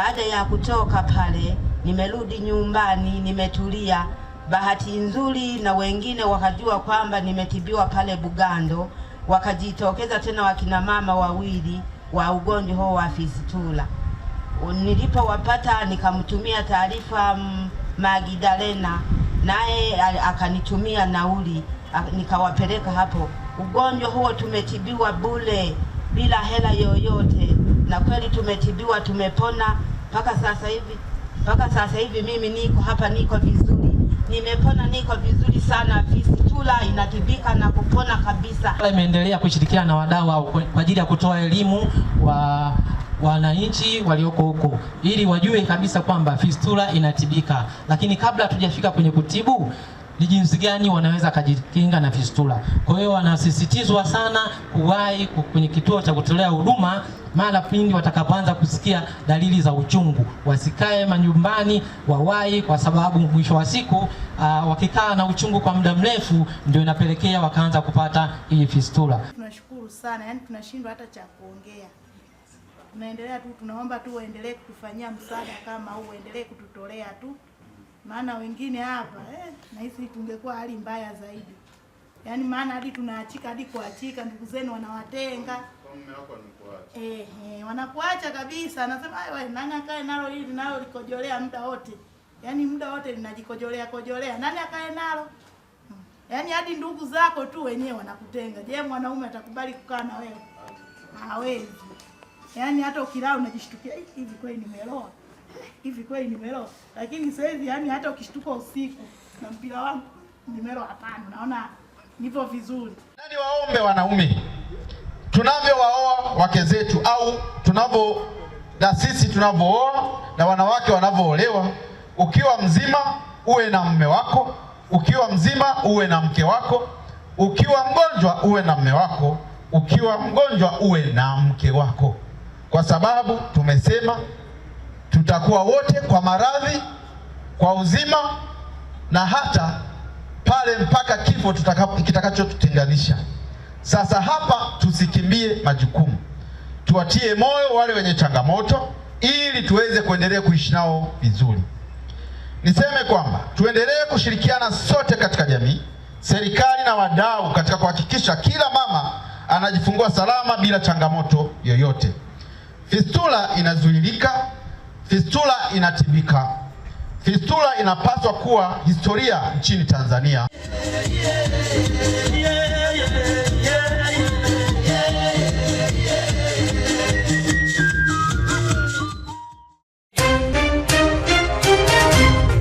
Baada ya kutoka pale, nimerudi nyumbani, nimetulia. Bahati nzuri na wengine wakajua kwamba nimetibiwa pale Bugando, wakajitokeza tena wakina mama wawili wa ugonjwa huo wa fistula. Nilipowapata nikamtumia taarifa mm, Magdalena, naye akanitumia nauli, nikawapeleka hapo. Ugonjwa huo tumetibiwa bule bila hela yoyote na kweli tumetibiwa, tumepona mpaka sasa hivi. Mpaka sasa hivi mimi niko hapa, niko vizuri, nimepona, niko vizuri sana. Fistula inatibika na kupona kabisa. Imeendelea kushirikiana na wadau kwa ajili ya kutoa elimu wa wananchi walioko huko ili wajue kabisa kwamba fistula inatibika, lakini kabla hatujafika kwenye kutibu ni jinsi gani wanaweza kujikinga na fistula. Kwa hiyo wanasisitizwa sana kuwahi kwenye kituo cha kutolea huduma mara pindi watakapoanza kusikia dalili za uchungu, wasikae manyumbani, wawahi, kwa sababu mwisho wa siku uh, wakikaa na uchungu kwa muda mrefu ndio inapelekea wakaanza kupata hii fistula. Tunashukuru sana, yani tunashindwa hata cha kuongea. Tunaendelea tu, tunaomba tu uendelee kutufanyia msaada kama huu, uendelee kututolea tu maana wengine hapa eh, nahisi tungekuwa hali mbaya zaidi, yaani maana hadi tunaachika hadi kuachika, ndugu zenu wanawatenga eh, eh, wanakuacha kabisa, anasema ayo nani akae nalo hili nalo likojolea muda wote, yaani muda wote linajikojolea kojolea, nani akae nalo hmm. yaani hadi ndugu zako tu wenyewe wanakutenga. Je, mwanaume atakubali kukaa na wewe? Hawezi. Yaani hata ukilala unajishtukia hivi, kweli nimeloa? hivi kweli melo Lakini sasa yani hata ukishtuka usiku na mpira wangu nimelewa, hapana, naona nipo vizuri. Nani waombe wanaume tunavyowaoa wake zetu au tunavyo na sisi tunavyooa na wanawake wanavyoolewa, ukiwa mzima uwe na mme wako, ukiwa mzima uwe na mke wako, ukiwa mgonjwa uwe na mme wako, ukiwa mgonjwa uwe na mke wako, kwa sababu tumesema tutakuwa wote kwa maradhi, kwa uzima na hata pale mpaka kifo kitakachotutenganisha. Sasa hapa tusikimbie majukumu, tuwatie moyo wale wenye changamoto ili tuweze kuendelea kuishi nao vizuri. Niseme kwamba tuendelee kushirikiana sote katika jamii, serikali na wadau katika kuhakikisha kila mama anajifungua salama bila changamoto yoyote. Fistula inazuilika Fistula inatibika. Fistula inapaswa kuwa historia nchini Tanzania.